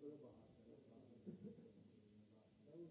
That was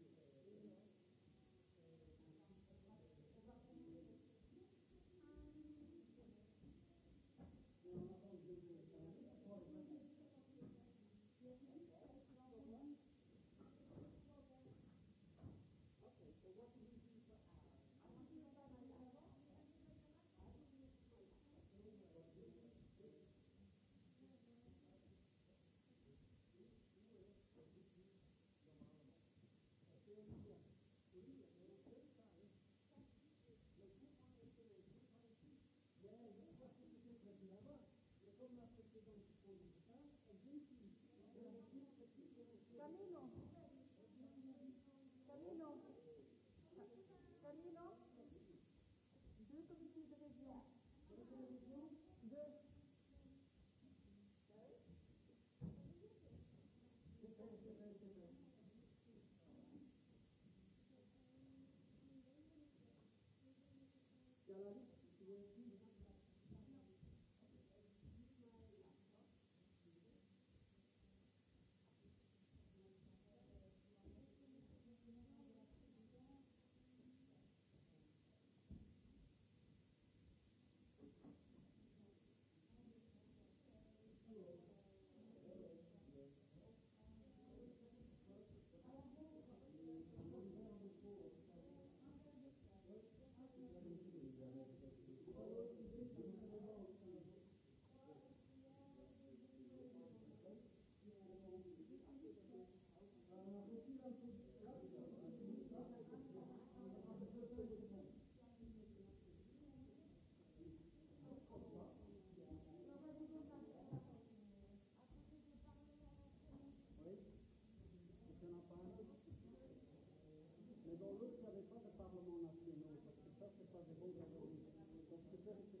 Camilo Parlement nationaux, parce que ça, c'est pas des bons arguments. Parce que ça, c'est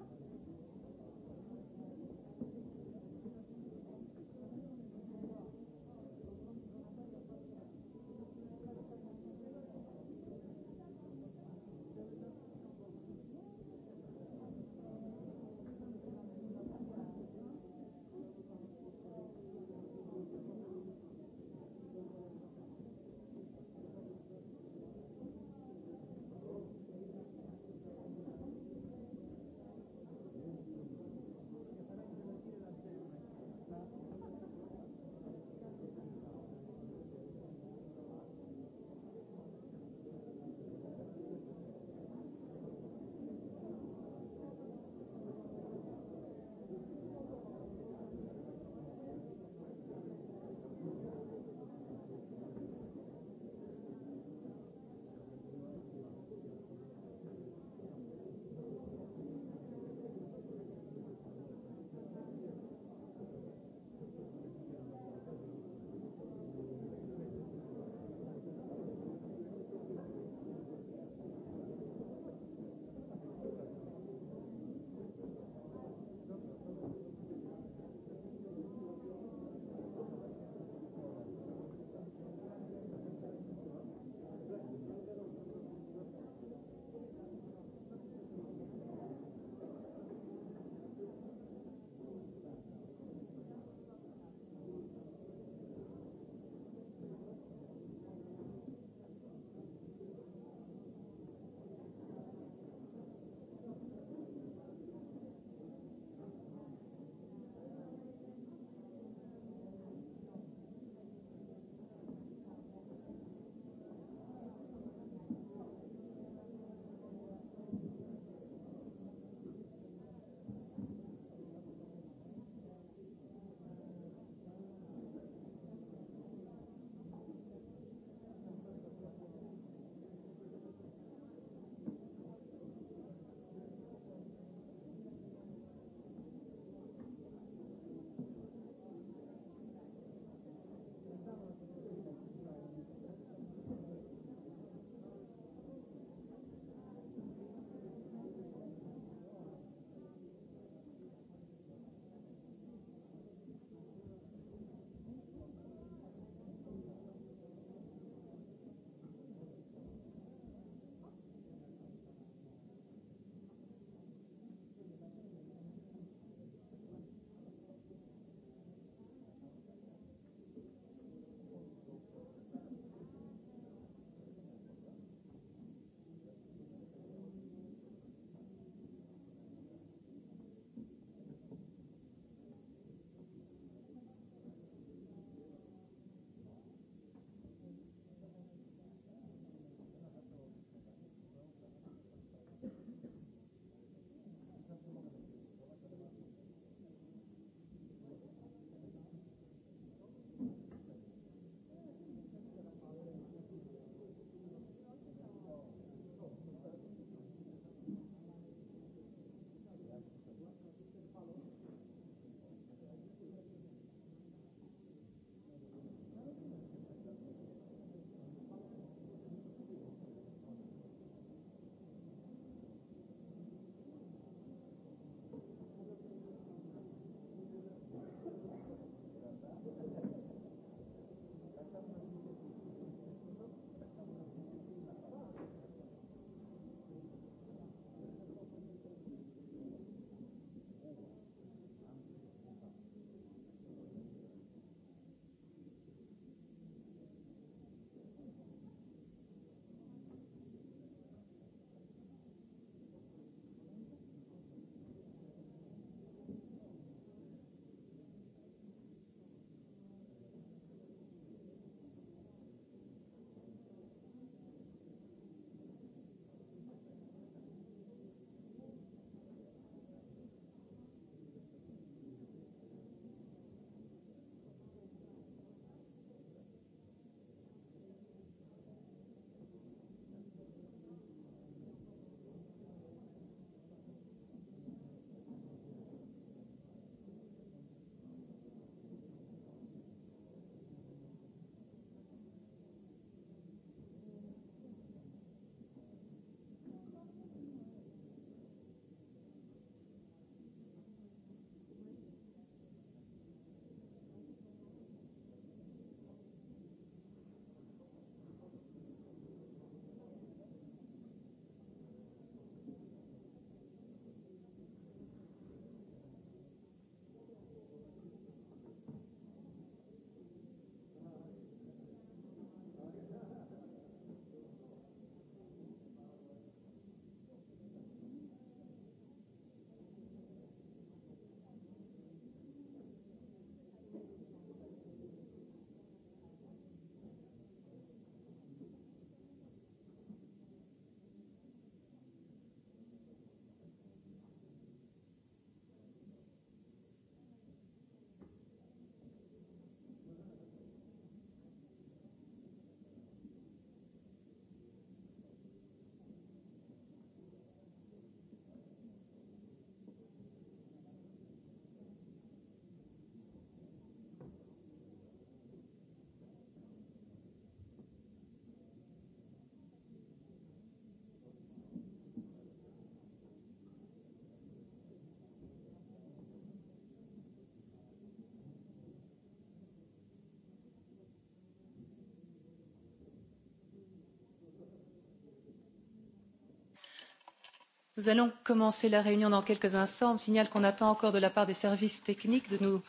Nous allons commencer la réunion dans quelques instants. On me signale qu'on attend encore de la part des services techniques de nous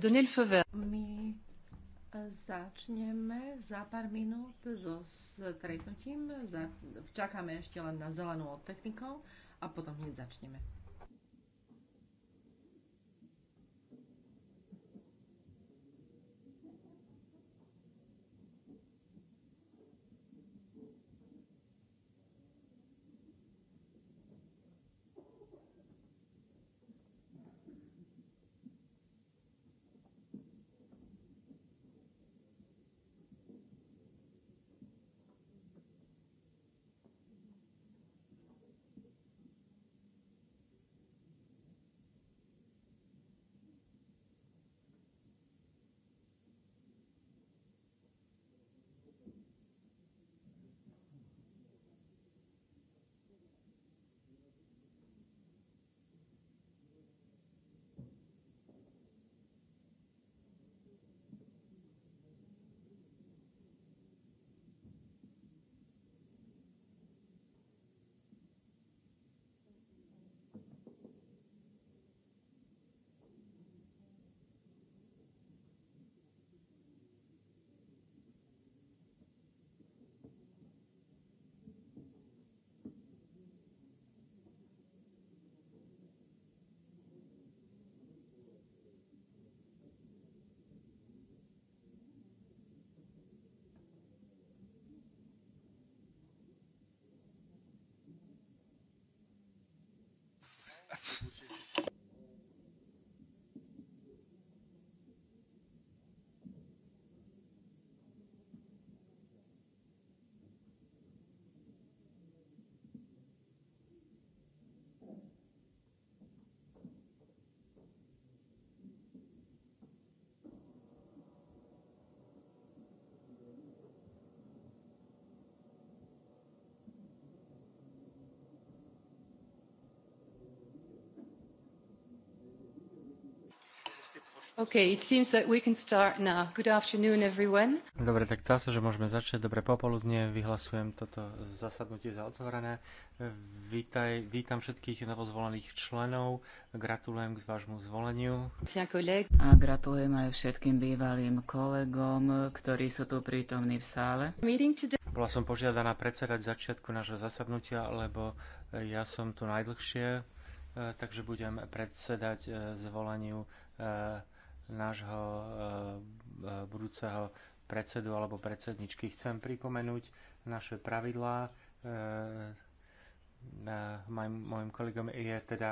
donner le feu vert. My e, začneme za pár minút so stretnutím. Čakáme ešte len na zelenú od technikov a potom hneď začneme. Okay, Dobre, tak tá sa, že môžeme začať. Dobre popoludne, vyhlasujem toto zasadnutie za otvorené. Vítaj, vítam všetkých novozvolených členov, gratulujem k vášmu zvoleniu. A gratulujem aj všetkým bývalým kolegom, ktorí sú tu prítomní v sále. Bola som požiadaná predsedať začiatku nášho zasadnutia, lebo ja som tu najdlhšie, eh, takže budem predsedať eh, zvoleniu eh, nášho e, e, budúceho predsedu alebo predsedničky. Chcem pripomenúť naše pravidlá. E, mojim kolegom je teda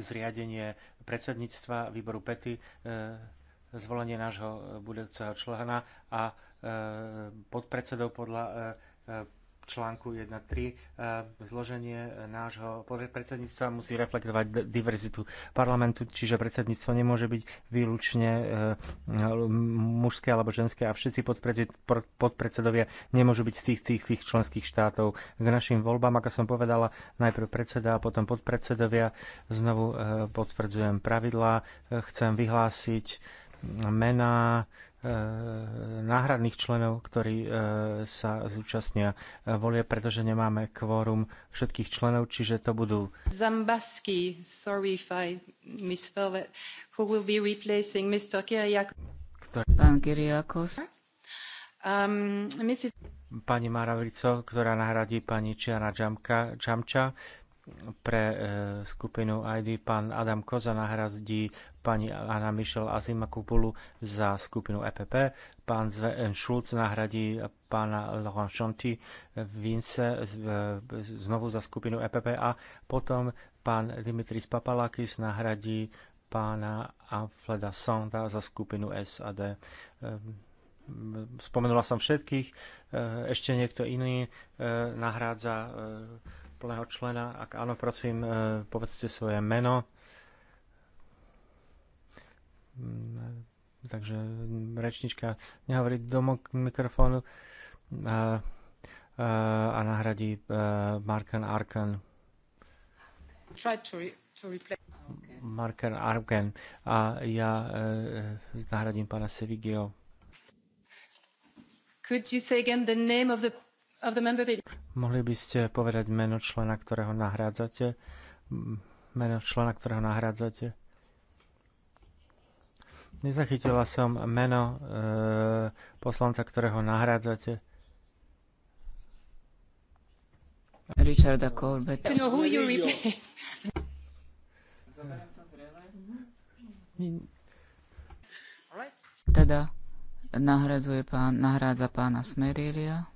zriadenie predsedníctva výboru PETY, zvolenie nášho budúceho člena a podpredsedov podľa článku 1.3 e, zloženie e, nášho predsedníctva musí reflektovať diverzitu parlamentu, čiže predsedníctvo nemôže byť výlučne e, mužské alebo ženské a všetci podpredsedovia nemôžu byť z tých, tých, tých členských štátov. K našim voľbám, ako som povedala, najprv predseda a potom podpredsedovia. Znovu potvrdzujem pravidlá. Chcem vyhlásiť mená Eh, náhradných členov, ktorí eh, sa zúčastnia eh, volie, pretože nemáme kvórum všetkých členov, čiže to budú... Zambasky, sorry if I misspell it, who will be replacing Mr. Kyriakos. Ktorý... Pán Kiriakos. Um, Mrs. Pani Maravico, ktorá nahradí pani Čiana Čamča, pre e, skupinu ID pán Adam Koza nahradí pani Anna Michel Azimakupulu za skupinu EPP, pán Sven Schulz nahradí pána Laurent Chanty Vince e, znovu za skupinu EPP a potom pán Dimitris Papalakis nahradí pána Alfreda Sonda za skupinu SAD. E, spomenula som všetkých, ešte niekto iný nahrádza plného člena? Ak áno, prosím, e, povedzte svoje meno. Mm, e, takže rečnička nehovorí do mikrofónu a, e, a, a nahradí Markan Arkan. Markan Arkan. A ja e, nahradím pána Sevigio. Could you say again the name of the Mohli by ste povedať meno člena, ktorého nahrádzate? Meno člena, ktorého nahrádzate? Nezachytila som meno e, poslanca, ktorého nahrádzate. Richarda Corbetta. To who you replace. Teda nahradzuje pán, nahrádza pána Smerilia.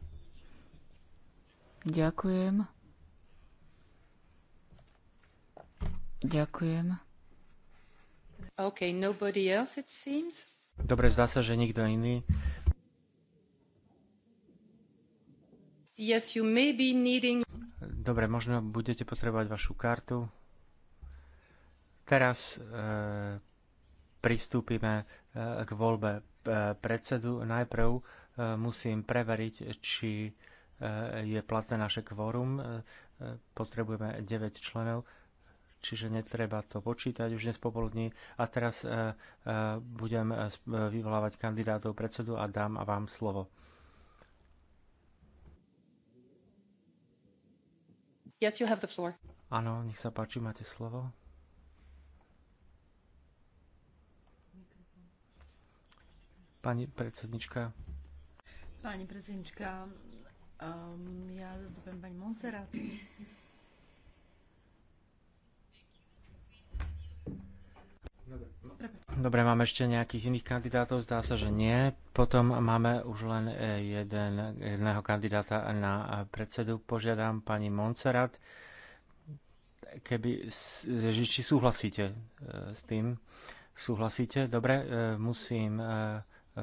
Ďakujem. Ďakujem. OK, nobody else it seems. Dobre, zdá sa, že nikto iný. Yes, you may be needing... Dobre, možno budete potrebovať vašu kartu. Teraz e, pristúpime e, k voľbe e, predsedu. Najprv e, musím preveriť, či e, Eh, je platné naše kvórum. Eh, eh, potrebujeme 9 členov, čiže netreba to počítať už dnes popoludní. A teraz budem vyvolávať kandidátov predsedu a dám vám slovo. Yes, you have the floor. Áno, nech sa páči, máte slovo. Pani predsednička. Pani predsednička, Um, ja zastupujem pani Monserrat. Dobre, máme ešte nejakých iných kandidátov? Zdá sa, že nie. Potom máme už len e, jeden, jedného kandidáta na e, predsedu. Požiadam pani Monserrat, keby, či súhlasíte e, s tým. Súhlasíte? Dobre, musím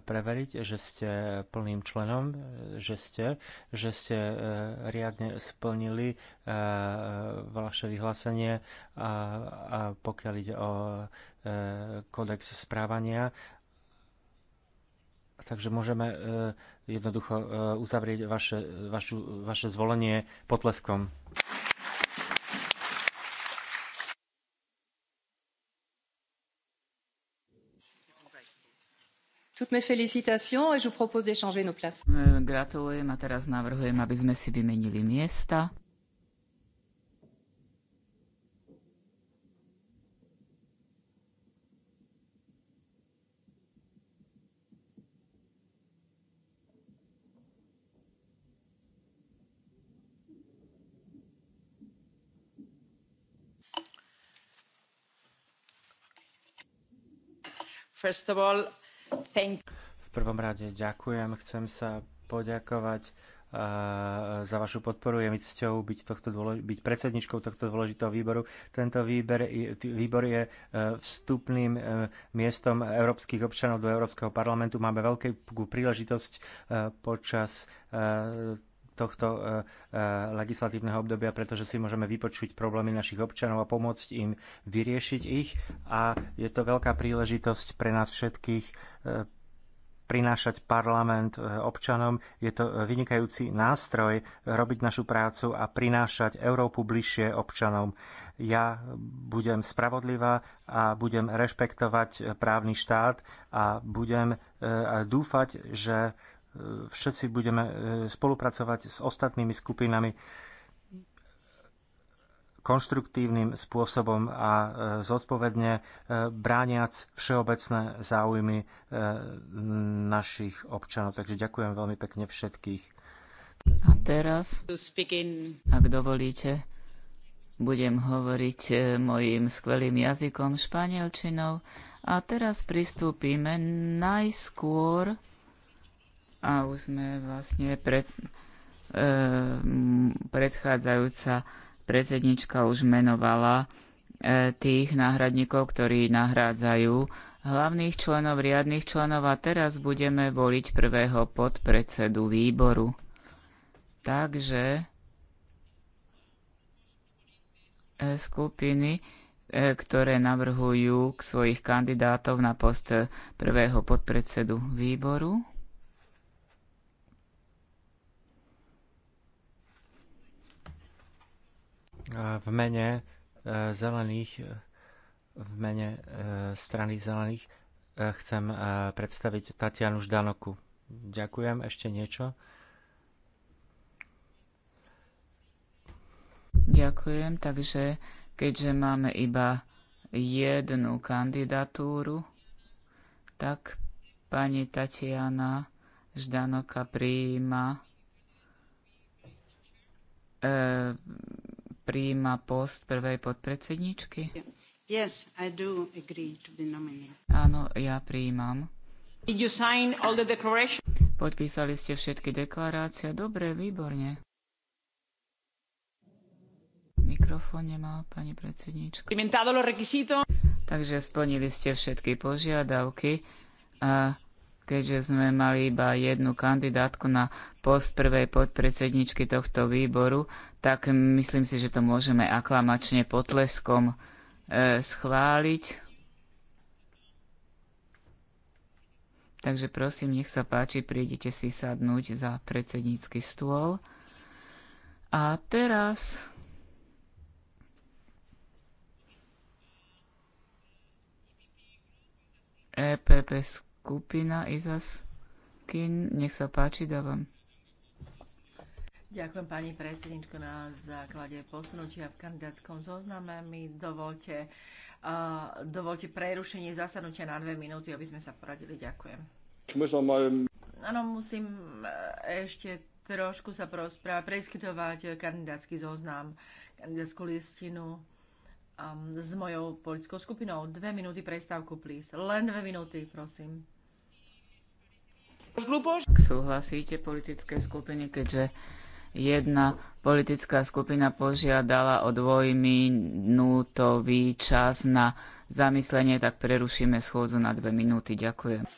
preveriť, že ste plným členom, že ste, že ste e, riadne splnili e, vaše vyhlásenie a, a pokiaľ ide o e, kódex správania. Takže môžeme jednoducho uzavrieť vaše, vašu, vaše zvolenie potleskom. Toutes mes félicitations et je vous propose d'échanger nos places. Euh, gratulujem a teraz navrhujem, aby sme si vymenili miesta. First of all, v prvom rade ďakujem, chcem sa poďakovať e, za vašu podporu. Je mi cťou byť, tohto dôlež- byť predsedničkou tohto dôležitého výboru. Tento výber, výbor je e, vstupným e, miestom európskych občanov do Európskeho parlamentu. Máme veľkú príležitosť počas tohto e, e, legislatívneho obdobia, pretože si môžeme vypočuť problémy našich občanov a pomôcť im vyriešiť ich. A je to veľká príležitosť pre nás všetkých e, prinášať parlament občanom. Je to vynikajúci nástroj robiť našu prácu a prinášať Európu bližšie občanom. Ja budem spravodlivá a budem rešpektovať právny štát a budem dúfať, že všetci budeme e, spolupracovať s ostatnými skupinami konštruktívnym spôsobom a e, zodpovedne e, brániac všeobecné záujmy našich občanov. Takže ďakujem veľmi pekne všetkých. A teraz, ak dovolíte, budem hovoriť mojim skvelým jazykom španielčinou a teraz pristúpime najskôr a už sme vlastne pred, e, predchádzajúca predsednička už menovala e, tých náhradníkov, ktorí nahrádzajú hlavných členov, riadných členov a teraz budeme voliť prvého podpredsedu výboru. Takže e, skupiny, e, ktoré navrhujú k svojich kandidátov na post prvého podpredsedu výboru. v mene e, zelených, e, v mene e, strany zelených chcem predstaviť Tatianu Ždanoku. Ďakujem. Ešte niečo? Ďakujem. Takže keďže máme iba jednu kandidatúru, tak pani Tatiana Ždanoka prijíma prijíma post prvej podpredsedničky? Yes, I do agree to the Áno, ja prijímam. Did you sign all the Podpísali ste všetky deklarácie. Dobre, výborne. Mikrofón nemá pani predsednička. Takže splnili ste všetky požiadavky keďže sme mali iba jednu kandidátku na post prvej podpredsedničky tohto výboru, tak myslím si, že to môžeme aklamačne potleskom e, schváliť. Takže prosím, nech sa páči, prídite si sadnúť za predsednícky stôl. A teraz... EPP skupina Kin. Nech sa páči, dávam. Ďakujem pani predsedničko na základe posunutia v kandidátskom zozname. Mi dovolte, uh, dovolte prerušenie zasadnutia na dve minúty, aby sme sa poradili. Ďakujem. Áno, musím e, ešte trošku sa prosprávať, preskytovať kandidátsky zoznam, kandidátsku listinu um, s mojou politickou skupinou. Dve minúty prestávku, please. Len dve minúty, prosím. Ak súhlasíte politické skupiny, keďže jedna politická skupina požiadala o dvojminútový čas na zamyslenie, tak prerušíme schôdzu na dve minúty. Ďakujem.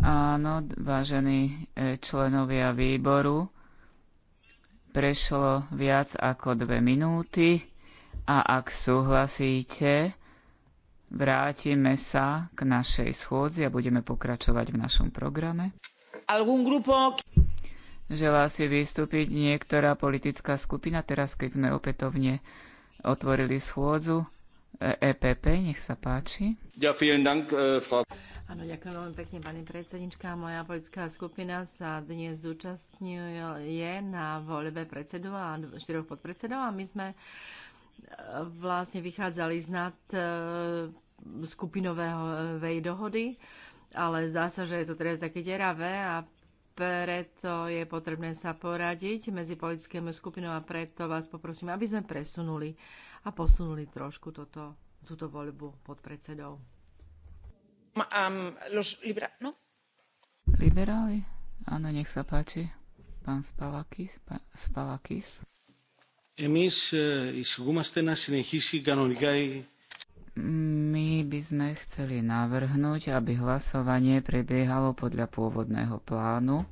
Áno, vážení e, členovia výboru, prešlo viac ako dve minúty a ak súhlasíte, vrátime sa k našej schôdzi a budeme pokračovať v našom programe. Želá si vystúpiť niektorá politická skupina, teraz keď sme opätovne otvorili schôdzu. EPP, e nech sa páči. Ja, vielen Dank, äh, Frau... Áno, ďakujem veľmi pekne, pani predsednička. Moja politická skupina sa dnes zúčastňuje na voľbe predsedu a štyroch podpredsedov a my sme e, vlastne vychádzali z nad e, skupinového e, vej dohody, ale zdá sa, že je to teraz také deravé a preto je potrebné sa poradiť medzi politickými skupinou a preto vás poprosím, aby sme presunuli a posunuli trošku toto, túto voľbu pod predsedou. No? Liberáli? Áno, nech sa páči. Pán Spalakis. My by sme chceli navrhnúť, aby hlasovanie prebiehalo podľa pôvodného plánu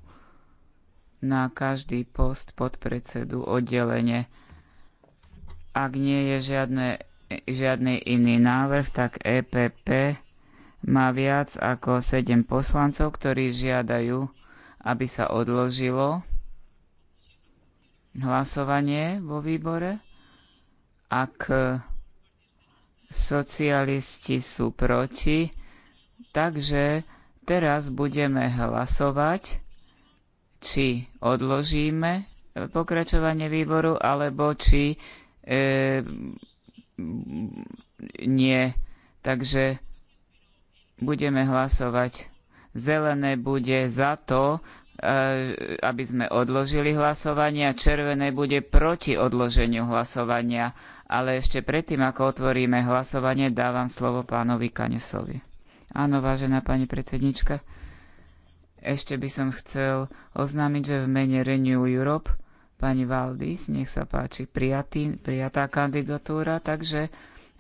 na každý post podpredsedu oddelenie. Ak nie je žiadne, žiadny iný návrh, tak EPP má viac ako 7 poslancov, ktorí žiadajú, aby sa odložilo hlasovanie vo výbore. Ak socialisti sú proti, takže teraz budeme hlasovať, či odložíme pokračovanie výboru, alebo či e, nie. Takže budeme hlasovať. Zelené bude za to, e, aby sme odložili hlasovanie a červené bude proti odloženiu hlasovania. Ale ešte predtým, ako otvoríme hlasovanie, dávam slovo pánovi Kanesovi. Áno, vážená pani predsednička, ešte by som chcel oznámiť, že v mene Renew Europe pani Valdis, nech sa páči, prijatý, prijatá kandidatúra, takže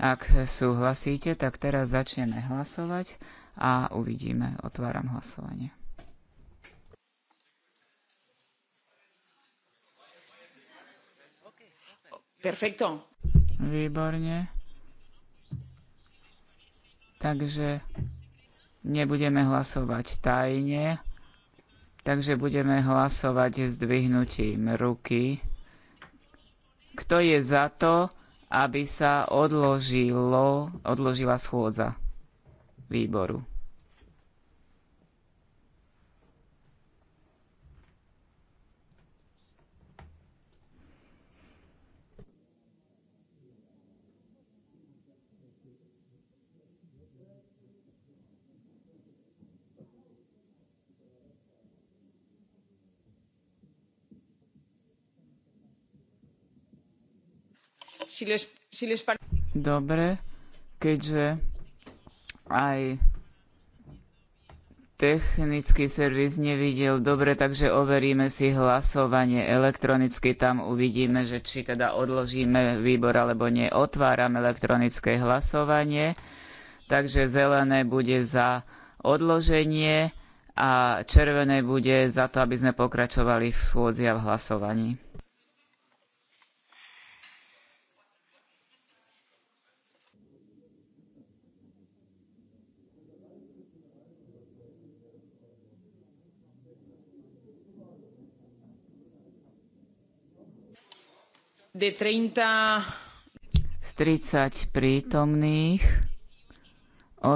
ak súhlasíte, tak teraz začneme hlasovať a uvidíme. Otváram hlasovanie. Perfekto. Výborne. Takže nebudeme hlasovať tajne, takže budeme hlasovať s dvihnutím ruky. Kto je za to, aby sa odložilo, odložila schôdza výboru. Dobre, keďže aj technický servis nevidel dobre, takže overíme si hlasovanie elektronicky. Tam uvidíme, že či teda odložíme výbor alebo nie. Otváram elektronické hlasovanie. Takže zelené bude za odloženie a červené bude za to, aby sme pokračovali v schôdzi a v hlasovaní. Z 30 prítomných 18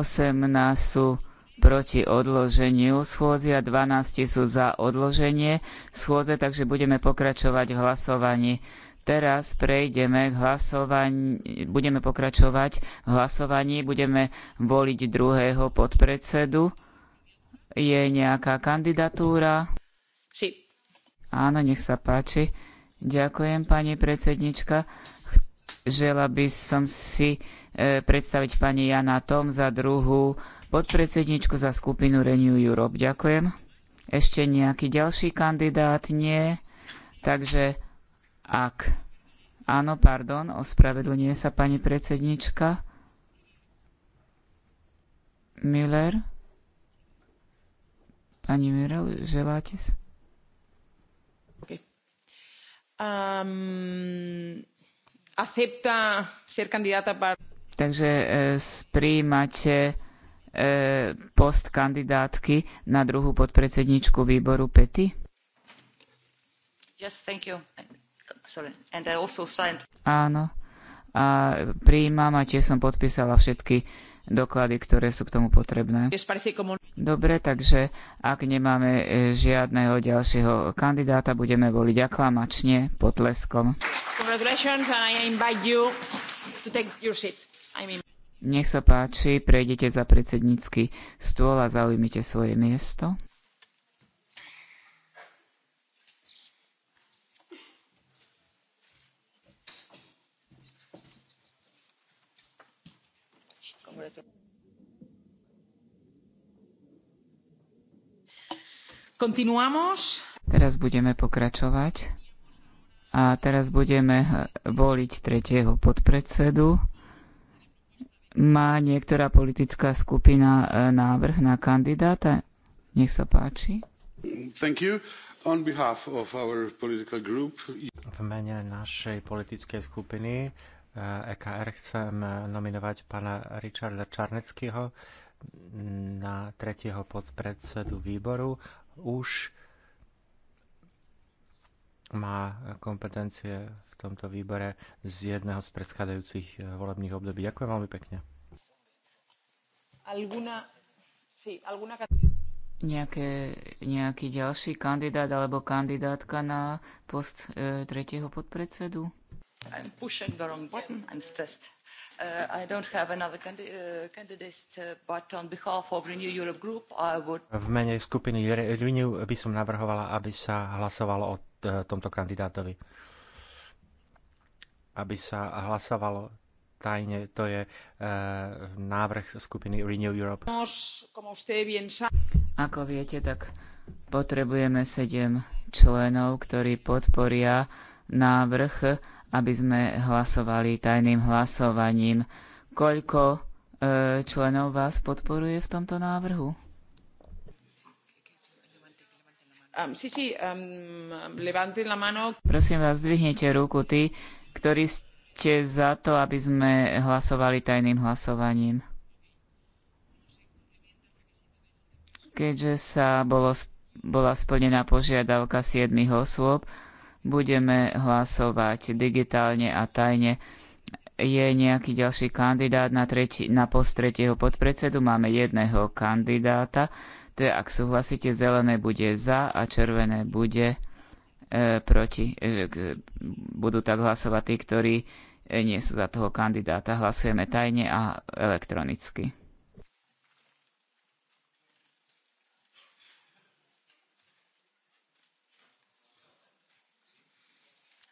sú proti odloženiu schôdzi a 12 sú za odloženie schôdze, takže budeme pokračovať v hlasovaní. Teraz prejdeme k hlasovaní, budeme pokračovať v hlasovaní, budeme voliť druhého podpredsedu. Je nejaká kandidatúra? Sí. Áno, nech sa páči. Ďakujem, pani predsednička. Žela by som si e, predstaviť pani Jana Tom za druhú podpredsedničku za skupinu Renew Europe. Ďakujem. Ešte nejaký ďalší kandidát? Nie. Takže ak... Áno, pardon, ospravedlňuje sa pani predsednička. Miller? Pani Miller, želáte sa? Okay. Takže e, sprijímate e, post kandidátky na druhú podpredsedničku výboru Pety? Yes, thank you. Sorry. And I also signed... Áno. A prijímam a tiež som podpísala všetky doklady, ktoré sú k tomu potrebné. Dobre, takže ak nemáme e, žiadneho ďalšieho kandidáta, budeme voliť aklamačne potleskom. Nech sa páči, prejdete za predsednícky stôl a zaujmite svoje miesto. Continuamos. Teraz budeme pokračovať. A teraz budeme voliť tretieho podpredsedu. Má niektorá politická skupina e, návrh na kandidáta? Nech sa páči. Thank you. On behalf of our political group... V mene našej politickej skupiny EKR e chcem e, nominovať pána Richarda Čarneckého na tretieho podpredsedu výboru už má kompetencie v tomto výbore z jedného z predchádzajúcich eh, volebných období. Ďakujem veľmi pekne. Nejaké, nejaký ďalší kandidát alebo kandidátka na post e, tretieho podpredsedu? I'm pushing the wrong button. I'm stressed. Uh, I don't have another uh, candidate, uh, but on behalf of Renew Europe Group, I would... V mene skupiny Renew by som navrhovala, aby sa hlasovalo o tomto kandidátovi. Aby sa hlasovalo tajne, to je uh, návrh skupiny Renew Europe. Ako viete, tak potrebujeme sedem členov, ktorí podporia návrh aby sme hlasovali tajným hlasovaním. Koľko e, členov vás podporuje v tomto návrhu? Um, sí, sí, um, la mano. Prosím vás, zdvihnete ruku ty, ktorí ste za to, aby sme hlasovali tajným hlasovaním. Keďže sa bolo, bola splnená požiadavka 7 osôb, budeme hlasovať digitálne a tajne. Je nejaký ďalší kandidát na, tretí, na post tretieho podpredsedu? Máme jedného kandidáta. To je, ak súhlasíte, zelené bude za a červené bude e, proti. E, budú tak hlasovať tí, ktorí e, nie sú za toho kandidáta. Hlasujeme tajne a elektronicky.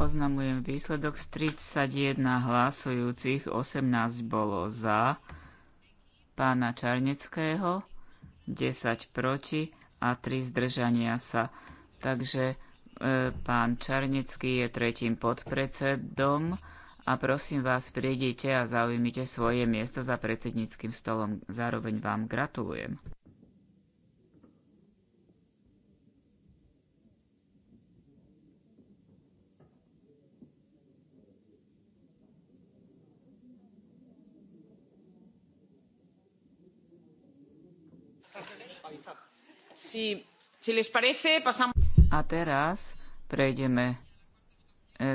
Oznamujem výsledok z 31 hlasujúcich, 18 bolo za pána Čarneckého, 10 proti a 3 zdržania sa. Takže e, pán Čarnecký je tretím podpredsedom a prosím vás, prídite a zaujmite svoje miesto za predsedníckým stolom. Zároveň vám gratulujem. A teraz prejdeme e,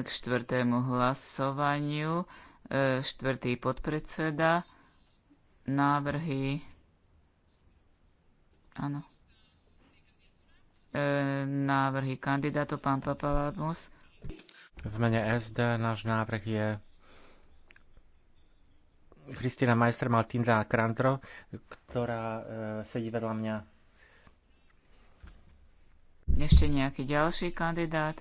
k štvrtému hlasovaniu. E, štvrtý podpredseda. Návrhy. Áno. E, návrhy kandidátov, pán Papalamos. V mene SD náš návrh je Kristina Majster Maltinda Krantro, ktorá sedí vedľa mňa ešte nejaký ďalší kandidát?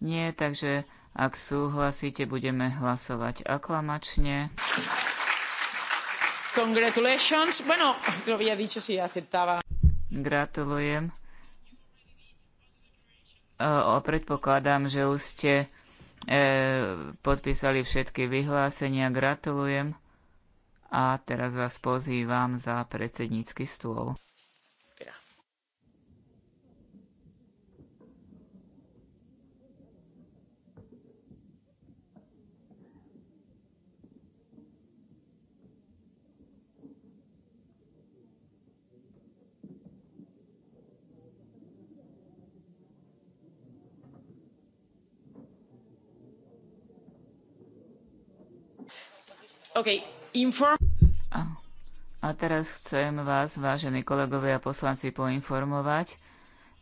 Nie, takže ak súhlasíte, budeme hlasovať aklamačne. Congratulations. Bueno, había dicho si aceptaba. Gratulujem. O, predpokladám, že už ste e, podpísali všetky vyhlásenia. Gratulujem. A teraz vás pozývam za predsednícky stôl. A, teraz chcem vás, vážení kolegovia a poslanci, poinformovať,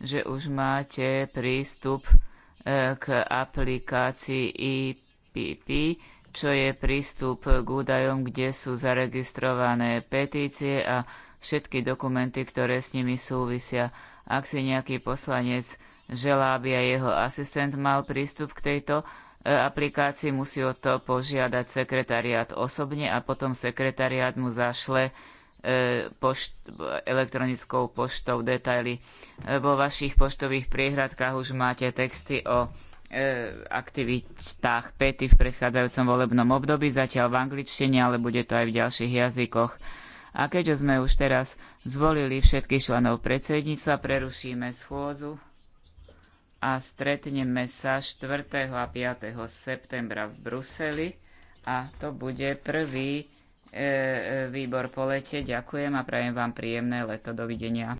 že už máte prístup e, k aplikácii IPP, e čo je prístup k údajom, kde sú zaregistrované petície a všetky dokumenty, ktoré s nimi súvisia. Ak si nejaký poslanec želá, aby aj jeho asistent mal prístup k tejto E, aplikácii musí o to požiadať sekretariát osobne a potom sekretariát mu zašle e, pošt, elektronickou poštou detaily. E, vo vašich poštových priehradkách už máte texty o aktivitách pety v predchádzajúcom volebnom období, zatiaľ v angličtine, ale bude to aj v ďalších jazykoch. A keďže sme už teraz zvolili všetkých členov predsedníctva, prerušíme schôdzu a stretneme sa 4. a 5. septembra v Bruseli a to bude prvý e, e, výbor po lete. Ďakujem a prajem vám príjemné leto. Dovidenia.